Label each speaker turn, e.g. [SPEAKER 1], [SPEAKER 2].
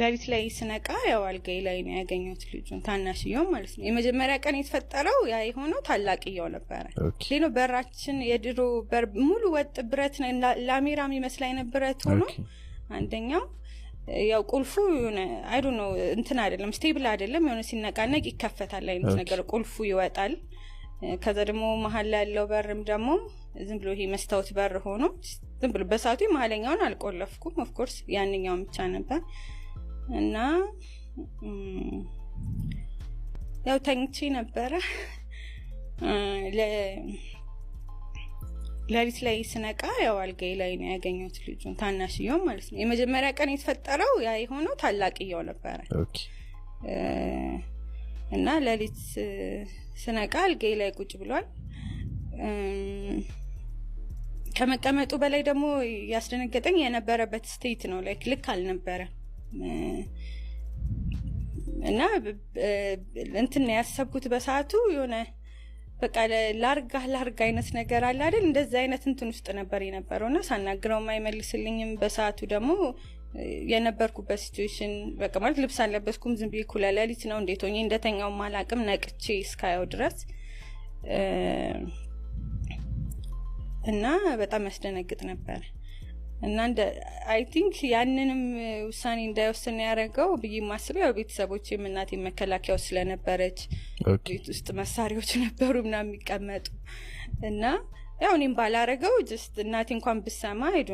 [SPEAKER 1] ለሊት ላይ ስነቃ ያው አልጋይ ላይ ነው ያገኘት ልጁን ታናሽየው ማለት ነው። የመጀመሪያ ቀን የተፈጠረው ያ የሆነው ታላቅየው ነበረ። ሌላው በራችን የድሮ በር ሙሉ ወጥ ብረት ላሜራ የሚመስል አይነት ብረት ሆኖ አንደኛው ያው ቁልፉ የሆነ አይዶ ነው እንትን አይደለም ስቴብል አይደለም። የሆነ ሲነቃነቅ ይከፈታል አይነት ነገር ቁልፉ ይወጣል። ከዛ ደግሞ መሀል ያለው በርም ደግሞ ዝም ብሎ ይሄ መስታወት በር ሆኖ ዝም ብሎ በሳቱ መሀለኛውን አልቆለፍኩም። ኦፍኮርስ ያንኛውን ብቻ ነበር እና ያው ተኝቼ ነበረ። ለሊት ላይ ስነቃ ያው አልጋይ ላይ ነው ያገኘሁት ልጁን ታናሽየው ማለት ነው። የመጀመሪያ ቀን የተፈጠረው ያ የሆነው ታላቅየው ነበረ እና ለሊት ስነቃ አልጋይ ላይ ቁጭ ብሏል። ከመቀመጡ በላይ ደግሞ ያስደነገጠኝ የነበረበት ስቴት ነው። ላይክ ልክ አልነበረ እና እንትን ያሰብኩት በሰዓቱ የሆነ በቃ ላርጋህ ላርግ አይነት ነገር አለ አይደል? እንደዚህ አይነት እንትን ውስጥ ነበር የነበረው እና ሳናግረውም አይመልስልኝም። በሰዓቱ ደግሞ የነበርኩበት ሲትዌሽን በቃ ማለት ልብስ አለበስኩም። ዝም ብዬ እኩለ ሌሊት ነው እንዴት ሆኜ እንደተኛው ማላቅም ነቅቼ እስካየው ድረስ እና በጣም ያስደነግጥ ነበር። እና አይ ቲንክ ያንንም ውሳኔ እንዳይወስን ያደረገው ብዬ ማስበው ያው ቤተሰቦች የምናት መከላከያው ስለነበረች ቤት ውስጥ መሳሪያዎች ነበሩ ምና የሚቀመጡ እና ያው እኔም ባላረገው ጅስት እናቴ እንኳን ብሰማ ሄዱ